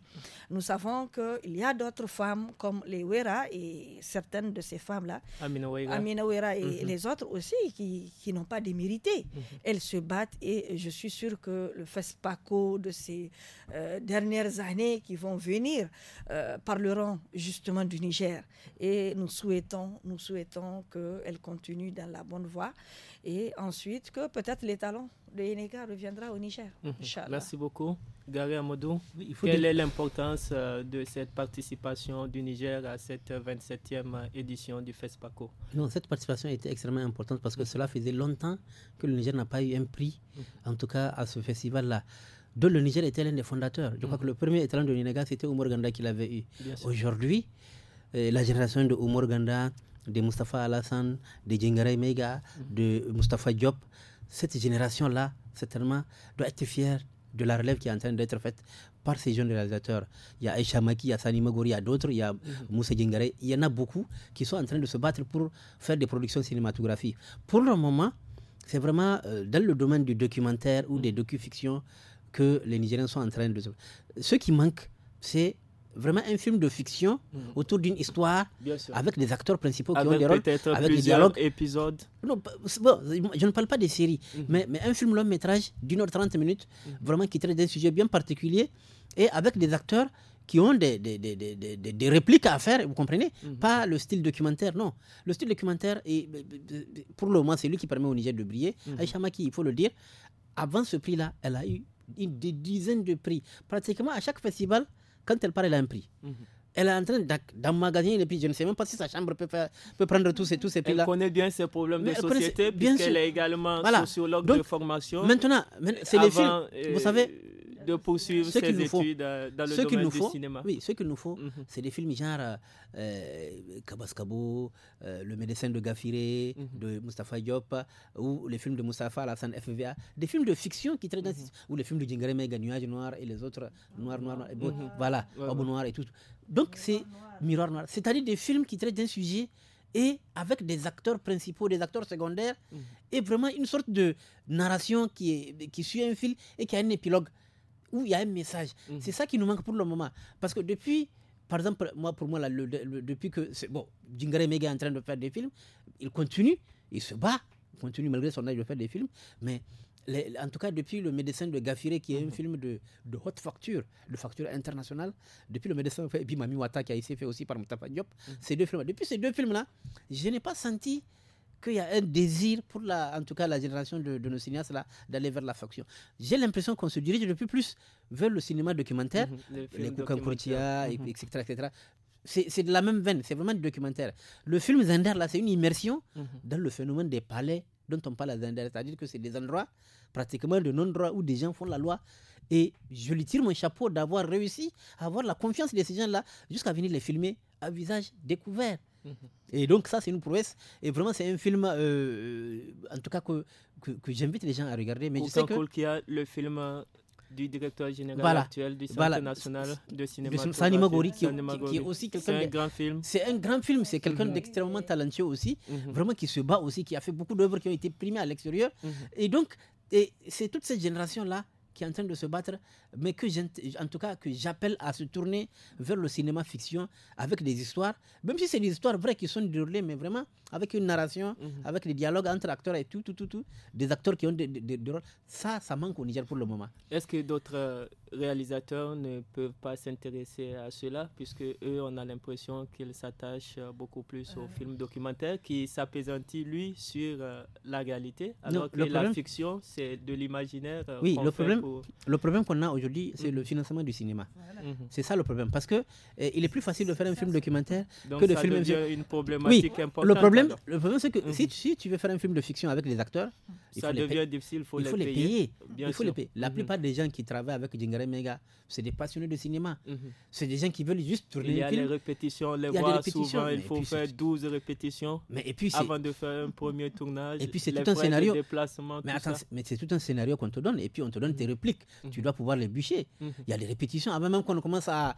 Nous savons qu'il y a d'autres femmes comme les Wera et certaines de ces femmes-là, Amina, et mm-hmm. les autres aussi, qui, n'ont pas démérité. Mm-hmm. Elles se battent et je suis sûre que le FESPACO de ces euh, dernières années qui vont venir euh, parleront justement du Niger. Et nous souhaitons, nous souhaitons qu'elles continuent dans la bonne voie et ensuite que peut-être les talents de Yenega reviendra au Niger. Merci beaucoup. Garé Gary Amadou, quelle est l'importance euh, de cette participation du Niger à cette 27e édition du FESPACO Non, cette participation était extrêmement importante parce que cela faisait longtemps que le Niger n'a pas eu un prix, en tout cas à ce festival-là dont le Niger était l'un des fondateurs. Je crois mm. que le premier étalon de Niger, c'était Oumar Ganda qui l'avait eu. Aujourd'hui, euh, la génération de Oumar Ganda, de Mustafa Alassane, de Djingare Mega, mm. de Mustafa Diop, cette génération-là, certainement, doit être fière de la relève qui est en train d'être faite par ces jeunes réalisateurs. Il y a Aïcha Maki, il y a Sani il y a d'autres, il y a mhm. Moussa Djingare. Il y en a beaucoup qui sont en train de se battre pour faire des productions cinématographiques. Pour le moment, c'est vraiment euh, dans le domaine du documentaire ou des mhm. docufictions que les Nigériens sont en train de... Ce qui manque, c'est vraiment un film de fiction mhm. autour d'une histoire avec des acteurs principaux qui ont des rôles, avec des dialogues. épisodes. Non, bon, je ne parle pas des séries, mhm. mais, mais, un film long métrage d'une heure trente minutes, mhm. vraiment qui traite d'un sujet bien particulier et avec des acteurs qui ont des, des, des, des, des répliques à faire, vous comprenez Pas le style documentaire, non. Le style documentaire, est, pour le moment, c'est lui qui permet au Niger de briller. Aïcha Maki, il faut le dire, avant ce prix-là, elle a eu des dizaines de prix. Pratiquement à chaque festival, quand elle part, elle a un prix. Mhm. Elle est en train magasin, et puis Je ne sais même pas si sa chambre peut, prendre tous ces, prix-là. Elle connaît bien ces problèmes de société, puisqu'elle est également voilà. sociologue Donc, de formation. Maintenant, c'est les films. vous euh, savez, de poursuivre ce ses études dans le ce domaine nous du faut, cinéma. Oui, ce qu'il nous faut, mhm. c'est des films genre euh, Kabaskabo, euh, Le médecin de Gafiré, mhm. de Mustapha Diop, ou les films de Mustapha Hassan FVA, des films de fiction qui traitent, mm sujet. ou les films de Djingare Mega, Nuage Noir et les autres, Noir, Noir, noir mhm. voilà, ouais, Noir et tout. Donc c'est Miroir Noir, c'est-à-dire des films qui traitent d'un sujet et avec des acteurs principaux, des acteurs secondaires, et vraiment une sorte de narration qui, qui suit un fil et qui a un épilogue où il y a un message. Mhm. C'est ça qui nous manque pour le moment. Parce que depuis, par exemple, moi, pour moi, là, depuis que. Bon, Jingare Mega est en train de faire des films, il continue, il se bat, continue malgré son âge de faire des films, mais. en tout cas, depuis le médecin de Gafiré, qui est un mhm. film de, haute facture, de facture internationale, depuis le médecin, et puis Mami Wata, qui a été fait aussi par Moutafa Diop, mhm. ces deux films, depuis ces deux films-là, je n'ai pas senti qu'il y a un désir pour la, en tout cas la génération de, nos cinéastes d'aller vers la fiction. J'ai l'impression qu'on se dirige de plus plus vers le cinéma documentaire, mhm. les, les etc., etc. C'est de la même veine, c'est vraiment du documentaire. Le film Zender, là, c'est une immersion mhm. dans le phénomène des palais dont on parle à Zender, c'est-à-dire que c'est des endroits, pratiquement de non-droits, où des gens font la loi. Et je lui tire mon chapeau d'avoir réussi à avoir la confiance de ces gens-là jusqu'à venir les filmer à visage découvert. Et donc ça, c'est une prouesse. Et vraiment, c'est un film, euh, euh, en tout cas, que, que, j'invite les gens à regarder. Mais je sais que... Qu'il y a le film euh, du directeur général actuel du Centre national de cinéma. qui, est aussi quelqu'un. C'est un grand film. C'est un grand film. C'est quelqu'un mhm. d'extrêmement talentueux aussi, mhm. vraiment qui se bat aussi, qui a fait beaucoup d'œuvres qui ont été primées à l'extérieur. Mhm. Et donc, c'est toute cette génération-là qui est en train de se battre, mais que en tout cas que j'appelle à se tourner vers le cinéma fiction avec des histoires, même si c'est des histoires vraies qui sont déroulées, mais vraiment avec une narration, mhm. avec les dialogues entre acteurs et tout, tout, tout, des acteurs qui ont des rôles. Ça, ça manque au Niger pour le moment. Est-ce que d'autres euh, réalisateurs ne peuvent pas s'intéresser à cela, puisque eux, on a l'impression qu'ils s'attachent euh, beaucoup plus au film documentaire qui s'apaisantit, lui, sur euh, la réalité, alors que la fiction, c'est de l'imaginaire. Euh, oui, le problème, le problème qu'on a aujourd'hui, c'est mm. le financement du cinéma. Mm-hmm. C'est ça le problème, parce que eh, il est plus facile de faire un film documentaire que de filmer une problématique oui, importante. Le problème, le problème c'est que mm-hmm. si, tu veux faire un film de fiction avec les acteurs, il ça devient les difficile, il faut les payer. La mm-hmm. plupart des gens qui travaillent avec Méga, c'est des passionnés de cinéma. Mhm. C'est des gens qui veulent juste tourner Il y a les répétitions, les voix, souvent, il faut faire 12 répétitions mais, et puis, avant de faire un premier tournage. Et puis, c'est tout un scénario. Mais, attends, mais c'est tout un scénario qu'on te donne et puis on te donne tes mhm. répliques. Tu mhm. dois pouvoir les bûcher. Il y a des répétitions avant même qu'on commence à,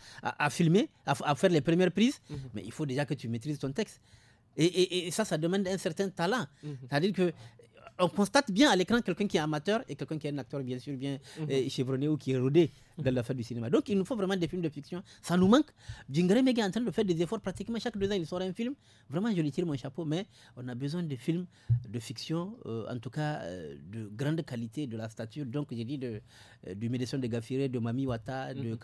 filmer, à, faire les premières prises. Mais il faut déjà que tu maîtrises ton texte. Et, ça, ça demande un certain talent. C'est-à-dire que on constate bien à l'écran quelqu'un qui est amateur et quelqu'un qui est un acteur bien sûr bien mhm. euh, chevronné ou qui est rodé dans l'affaire du cinéma. Donc il nous faut vraiment des films de fiction. Ça nous manque. Djingre Mega est en train de faire des efforts pratiquement chaque deux ans, il sort un film. Vraiment, je lui tire mon chapeau, mais on a besoin de films de fiction, euh, en tout cas euh, de grande qualité, de la stature. Donc j'ai dit de, euh, du médecin de Gafiré, de Mami Wata, de mm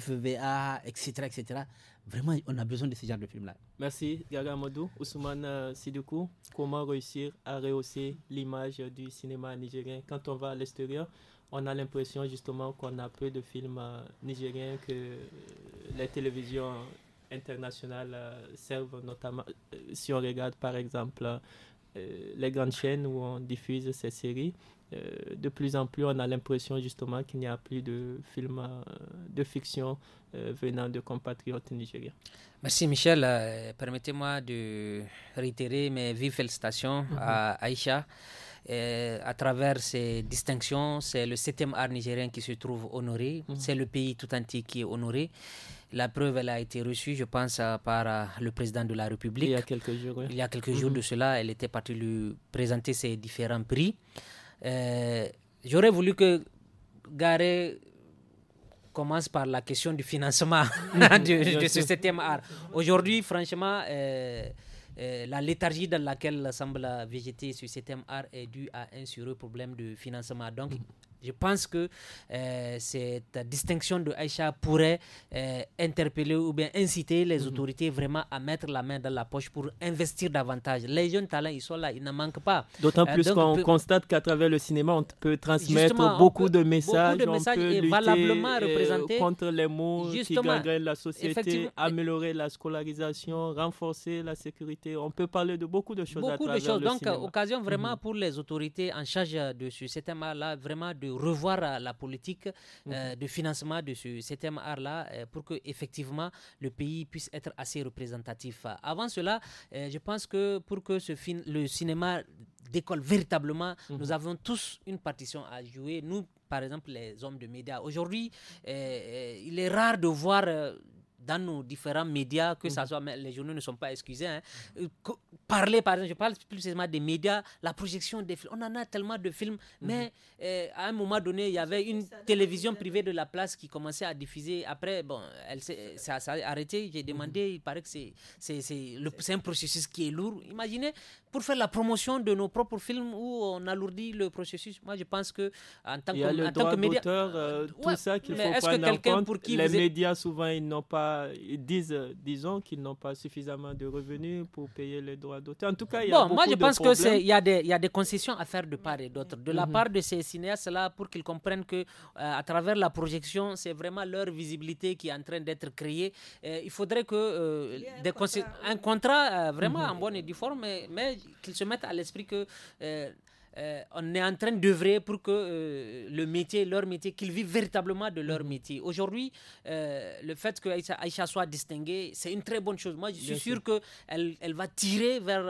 FVA, etc., etc. Vraiment, on a besoin de ce genre de films-là. Merci, Gaga Modou, Ousmane Sidoukou, comment réussir à rehausser l'image du cinéma nigérien quand on va à l'extérieur on a l'impression justement qu'on a peu de films euh, nigériens que euh, les télévisions internationales euh, servent notamment si on regarde par exemple les grandes chaînes où on diffuse ces séries de plus en plus, on a l'impression justement qu'il n'y a plus de films de fiction venant de compatriotes nigériens. Merci Michel. Permettez-moi de réitérer mes vives félicitations mhm. à Aïcha. Euh, à travers ces distinctions, c'est le 7e art nigérien qui se trouve honoré. Mhm. C'est le pays tout entier qui est honoré. La preuve, elle a été reçue, je pense, euh, par euh, le président de la République. Il y a quelques jours. Il y a quelques jours mhm. de cela, elle était partie lui présenter ses différents prix. J'aurais voulu que Garé commence par la question du financement mhm. de, de, ce septième art. Aujourd'hui, franchement, euh, la léthargie dans laquelle semble végéter ce système art est due à un sérieux problème de financement. Donc, mm. Je pense que euh, cette distinction de Aïcha pourrait euh, interpeller ou bien inciter les mhm. autorités vraiment à mettre la main dans la poche pour investir davantage. Les jeunes talents, ils sont là, ils ne manquent pas. D'autant euh, plus qu'on constate qu'à travers le cinéma, on peut transmettre beaucoup, de messages, beaucoup, de messages, on peut valablement contre les mots qui la société, améliorer la scolarisation, renforcer la sécurité. On peut parler de beaucoup de choses à travers le cinéma Donc, occasion vraiment mhm. pour les autorités en charge de ce thème-là, vraiment de revoir euh, la politique euh, mhm. de financement de ce thème art-là euh, pour que effectivement le pays puisse être assez représentatif. Avant cela, je pense que pour que le cinéma décolle véritablement, mhm. nous avons tous une partition à jouer. Nous, par exemple, les hommes de médias. Aujourd'hui, il est rare de voir dans nos différents médias, que ça mhm. soit, les journaux ne sont pas excusés. Hein. Euh, parler, par exemple, je parle plus précisément des médias, la projection des films. On en a tellement de films, mhm. mais euh, à un moment donné, il y avait une télévision privée de la place qui commençait à diffuser. Après, bon, elle ça s'est arrêté. J'ai demandé, mhm. il paraît que c'est un processus qui est lourd. Imaginez, pour faire la promotion de nos propres films où on alourdit le processus, moi je pense que en tant, que, que média. Euh, tout ça qu'il faut prendre en compte. les médias, souvent, ils n'ont pas ils disent, euh, disons qu'ils n'ont pas suffisamment de revenus pour payer les droits d'auteur. En tout cas, il y a bon, moi je pense de il y, a des, y a des concessions à faire de part et d'autre, de la mhm. part de ces cinéastes-là, pour qu'ils comprennent que euh, à travers la projection, c'est vraiment leur visibilité qui est en train d'être créée. Euh, il faudrait que des un contrat, vraiment mhm. en bonne et due forme, mais, mais qu'ils se mettent à l'esprit que euh, on est en train d'œuvrer pour que euh, le métier, leur métier, qu'ils vivent véritablement de leur mhm. métier. Aujourd'hui, euh, le fait que Aïcha, soit distinguée, c'est une très bonne chose. Moi, je suis sûr qu'elle elle va tirer vers,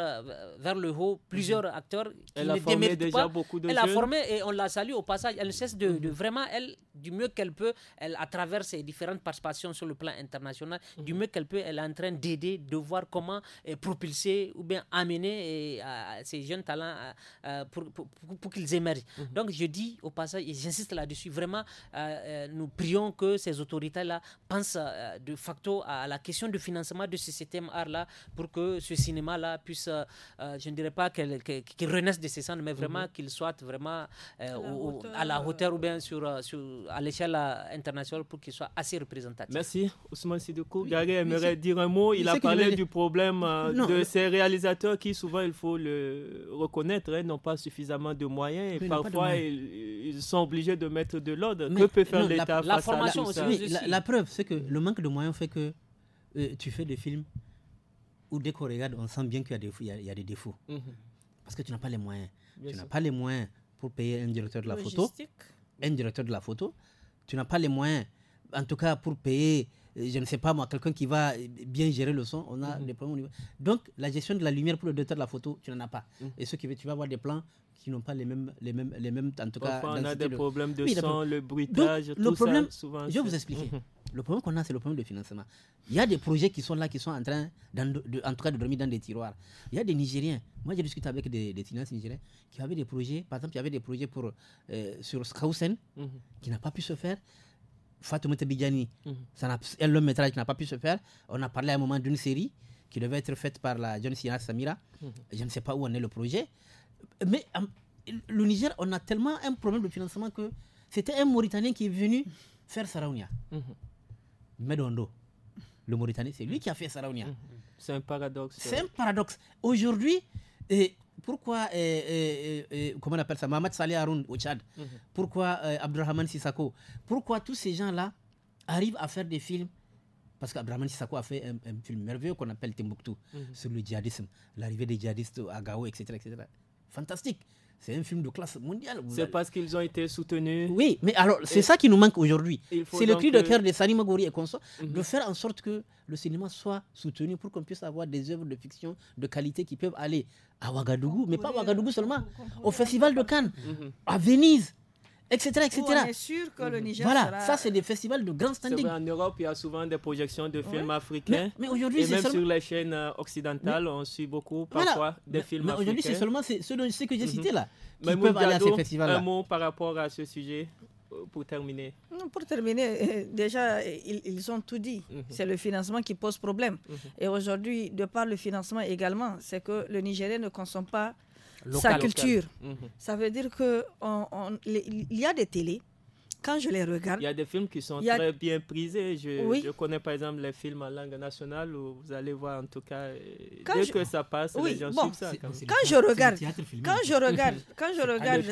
vers le haut plusieurs mhm. acteurs. Qui elle formé déjà beaucoup de Elle jeunes. a formé et on la salue au passage. Elle cesse de, mhm. vraiment, elle, du mieux qu'elle peut, elle, à travers ses différentes participations sur le plan international, du mieux qu'elle peut, elle est en train d'aider, de voir comment propulser ou bien amener ces jeunes talents pour pour, qu'ils émergent. Mhm. Donc je dis au passage, et j'insiste là-dessus, vraiment, euh, euh, nous prions que ces autorités-là pensent euh, de facto à, la question du financement de ce système art-là pour que ce cinéma-là puisse, je ne dirais pas qu'il renaisse de ses cendres, mais vraiment mhm. qu'il soit vraiment à la, hauteur, ou bien sur, à l'échelle internationale pour qu'il soit assez représentatif. Merci. Ousmane Sidoukou. Oui, aimerait dire un mot. Il a parlé du problème de ces réalisateurs qui, souvent, il faut le reconnaître, hein, n'ont pas suffi de moyens et parfois ils, sont obligés de mettre de l'ordre. Que peut faire l'État face la formation aussi, la, preuve, c'est que le manque de moyens fait que euh, tu fais des films où dès qu'on regarde, on sent bien qu'il y, y, a des défauts. Mhm. Parce que tu n'as pas les moyens. tu n'as pas les moyens pour payer un directeur de la photo. Un directeur de la photo. Tu n'as pas les moyens, en tout cas, pour payer euh, je ne sais pas moi, quelqu'un qui va euh, bien gérer le son, on a mhm. des problèmes au niveau. Donc, la gestion de la lumière pour le docteur de la photo, tu n'en as pas. Mhm. Et ce qui veut, tu vas avoir des plans qui n'ont pas les mêmes, les mêmes, les mêmes, en tout cas. on a des problèmes de son, le bruitage, tout ça, Je vais vous expliquer. Mhm. Le problème qu'on a, c'est le problème de financement. Il y a des projets qui sont là, qui sont en train, de, en tout cas, de dormir dans des tiroirs. Il y a des Nigériens. Moi, j'ai discuté avec des, finances Nigériens qui avaient des projets. Par exemple, il y avait des projets pour, euh, sur Skousen, qui n'a pas pu se faire. Fatou Bidjani, mm long métrage qui n'a pas pu se faire. On a parlé à un moment d'une série qui devait être faite par la jeune Sina Samira. Mhm. Je ne sais pas où en est le projet. Mais euh, le Niger, on a tellement un problème de financement que c'était un Mauritanien qui est venu faire Saraounia. Mm Medondo, le Mauritanien, c'est lui qui a fait Saraounia. Mhm. C'est un paradoxe. C'est un paradoxe. Aujourd'hui, pourquoi, euh, euh, euh, comment on appelle ça, Mohamed Saleh Haroun au Tchad, mhm. pourquoi Abdurrahman Sissako, pourquoi tous ces gens-là arrivent à faire des films parce qu'Abraham Sissako a fait un, film merveilleux qu'on appelle Timbuktu mhm. sur le djihadisme, l'arrivée des djihadistes à Gao, etc., etc. Fantastique. C'est un film de classe mondiale. C'est parce qu'ils ont été soutenus. Oui, mais alors c'est ça qui nous manque aujourd'hui. C'est le cri de cœur de Sani et consorts de mhm. faire en sorte que le cinéma soit soutenu pour qu'on puisse avoir des œuvres de fiction de qualité qui peuvent aller à Ouagadougou, mais pas Ouagadougou seulement, au Festival de Cannes, mhm. à Venise, etc. sûr que le mhm. Voilà, ça c'est des festivals de grand standing. Vrai, en Europe, il y a souvent des projections de films africains. Mais, aujourd'hui, c'est même sur les chaînes euh, occidentales, on suit beaucoup parfois des films africains. Mais aujourd'hui, c'est seulement ceux, que j'ai mhm. cités là mais peuvent aller à ces festivals-là. Un mot par rapport à ce sujet euh, pour terminer non, Pour terminer, euh, déjà, ils, ont tout dit. Mhm. C'est le financement qui pose problème. Et aujourd'hui, de par le financement également, c'est que le Nigérien ne consomme pas sa culture. Mhm. Ça veut dire qu'il il y a des télés quand je les regarde. Il y a des films qui sont très bien prisés. Je, connais par exemple les films en langue nationale où vous allez voir en tout cas euh, dès que ça passe, les gens suivent ça. Quand, je regarde, quand je regarde, quand je regarde,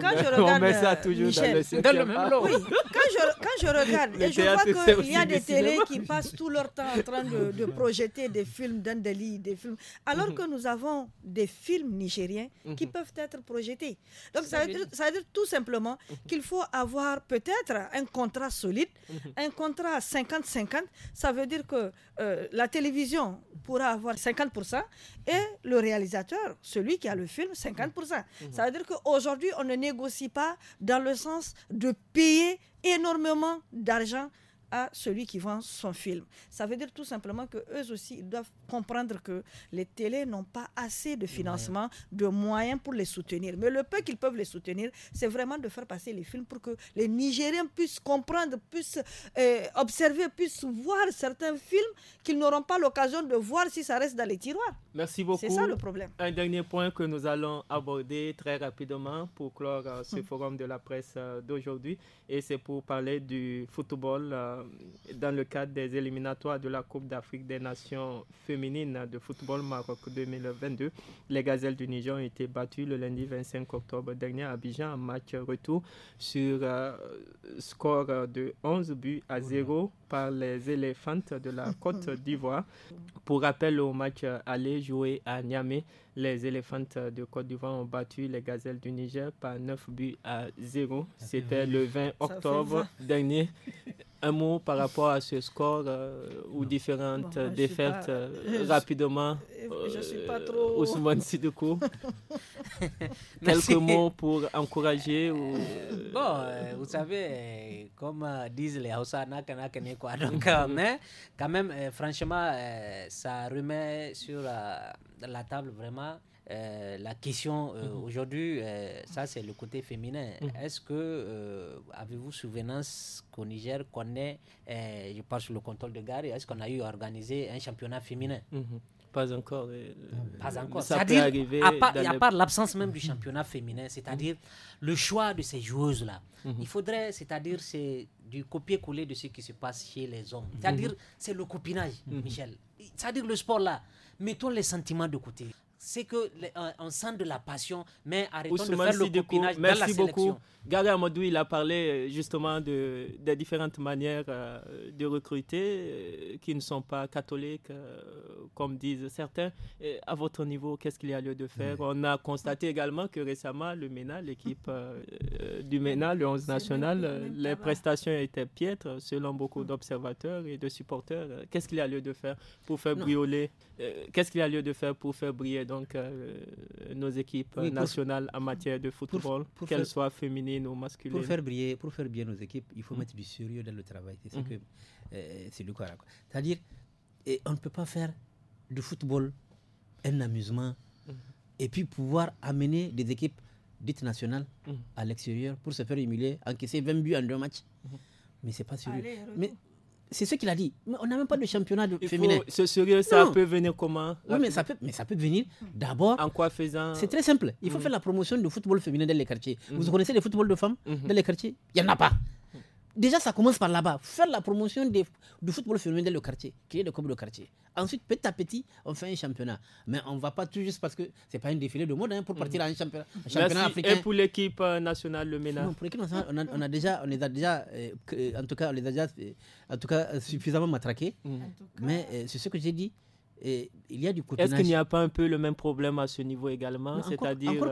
quand je regarde, on met ça toujours dans le, même lot. Oui. Quand je quand je regarde, et je vois qu'il y a des télés qui passent tout leur temps en train de, projeter des films d'un délit des films, alors mhm. que nous avons des films nigériens qui mhm. peuvent être projetés. Donc ça veut, dire, ça veut dire tout simplement mhm. qu'il faut avoir peut-être un contrat solide, mhm. un contrat 50-50, ça veut dire que euh, la télévision pourra avoir 50% et le réalisateur, celui qui a le film, 50%. Mhm. Ça veut dire qu'aujourd'hui, on ne négocie pas dans le sens de payer énormément d'argent à celui qui vend son film. Ça veut dire tout simplement que eux aussi ils doivent comprendre que les télés n'ont pas assez de financement, de moyens pour les soutenir. Mais le peu qu'ils peuvent les soutenir, c'est vraiment de faire passer les films pour que les Nigériens puissent comprendre, puissent euh, observer, puissent voir certains films qu'ils n'auront pas l'occasion de voir si ça reste dans les tiroirs. Merci beaucoup. C'est ça le problème. Un dernier point que nous allons aborder très rapidement pour clore euh, ce hum. forum de la presse euh, d'aujourd'hui et c'est pour parler du football euh, dans le cadre des éliminatoires de la Coupe d'Afrique des Nations féminines de football Maroc 2022. Les Gazelles du Niger ont été battues le lundi 25 octobre dernier à Abidjan en match retour sur euh, score de 11 buts à 0 par les éléphantes de la Côte d'Ivoire. Pour rappel, au match aller joué à Niamey, les éléphants euh, de Côte d'Ivoire ont battu les gazelles du Niger par 9 buts à 0. C'était le 20 octobre dernier. Un mot par rapport à ce score euh, ou différentes euh, défaites rapidement. Je, ne suis pas trop. Ousmane Quelques mots pour encourager ou. Bon, vous savez, comme disent les Hausa, quoi. Mhm. mais quand même, franchement, ça remet sur la table vraiment euh, la question euh, mhm. aujourd'hui, euh, ça c'est le côté féminin. Mhm. Est-ce que avez-vous souvenance qu'au Niger qu'on connaît, je pense sur le contrôle de gare, est-ce qu'on a eu organisé un championnat féminin mhm. Pas encore. Pas encore. C'est-à-dire, à, part, part l'absence même du championnat féminin, c'est-à-dire le choix de ces joueuses-là, il faudrait, c'est-à-dire, c'est du copier-coller de ce qui se passe chez les hommes. C'est-à-dire, c'est le copinage, Michel. C'est-à-dire, le sport-là, mettons les sentiments de côté c'est que sent euh, de la passion, mais arrêtons de faire le copinage merci dans la beaucoup. sélection. Gary Amadou, il a parlé euh, justement de, des différentes manières euh, de recruter qui ne sont pas catholiques, comme disent certains. à votre niveau, qu'est-ce qu'il y a lieu de faire mm. On a constaté également que récemment, le MENA, l'équipe du MENA, le 11 national, les prestations étaient piètres selon beaucoup mm. d'observateurs et de supporters. Qu'est-ce qu'il y a lieu de faire pour faire brioler Qu'est-ce qu'il y a lieu de faire pour faire briller donc euh, nos équipes nationales en matière de football, qu'elles soient féminines ou masculines. Pour faire briller, pour faire bien nos équipes, il faut mm. mettre du sérieux dans le travail. C'est ce mm. que euh, c'est à dire on ne peut pas faire du football un amusement mm. et puis pouvoir amener des équipes dites nationales à l'extérieur pour se faire humilier, encaisser 20 buts en deux matchs. Mais c'est pas sérieux. C'est ce qu'il a dit. Mais on n'a même pas de championnat de féminin. Ce sérieux, ça peut venir comment Oui, mais ça peut, mais ça peut venir d'abord. En quoi faisant C'est très simple. Il faut mhm. faire la promotion du football féminin dans les quartiers. Vous mhm. connaissez les football de femmes mhm. dans les quartiers Il n'y en a pas. Déjà, ça commence par là-bas. Faire la promotion du football féminin dans le quartier, créer le club de quartier. Ensuite, petit à petit, on fait un championnat. Mais on ne va pas tout juste parce que ce n'est pas un défilé de mode hein, pour partir à mm. un championnat, africain. Et euh, pour l'équipe nationale, le ménage pour l'équipe nationale, on, a, déjà, on les a déjà, euh, euh, en tout cas, on les déjà, en tout cas, suffisamment matraqués. Mm. Mais c'est ce que j'ai dit. Et il y a du Est-ce qu'il n'y a pas un peu le même problème à ce niveau également C'est-à-dire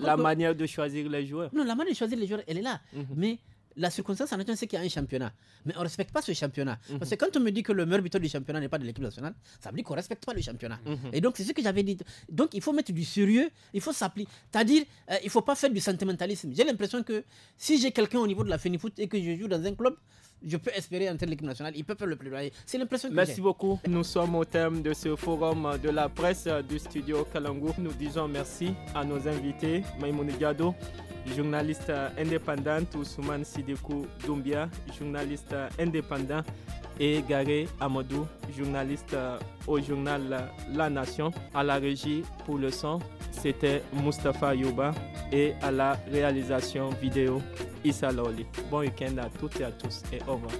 la manière de choisir les joueurs Non, la manière de choisir les joueurs, elle est là. Mm-hmm. Mais la circonstance en attendant, c'est qu'il y a un championnat. Mais on ne respecte pas ce championnat. Mhm. Parce que quand on me dit que le meilleur buteur du championnat n'est pas de l'équipe nationale, ça veut dire qu'on ne respecte pas le championnat. Mhm. Et donc, c'est ce que j'avais dit. Donc, il faut mettre du sérieux, il faut s'appliquer. C'est-à-dire, euh, il ne faut pas faire du sentimentalisme. J'ai l'impression que si j'ai quelqu'un au niveau de la Fenifoot et que je joue dans un club, je peux espérer tel l'équipe nationale. Ils peuvent le plaidoyer. C'est l'impression que Merci beaucoup. Nous sommes au terme de ce forum de la presse du studio Kalangou. Nous disons merci à nos invités, Maïmoun Diado, journaliste indépendante, Ousmane Sidikou Doumbia, journaliste indépendant et Garé Amadou, journaliste euh, au journal La Nation, à la régie pour le son. C'était Mustapha Yuba et à la réalisation vidéo Issa Bon week-end à toutes et à tous et au revoir.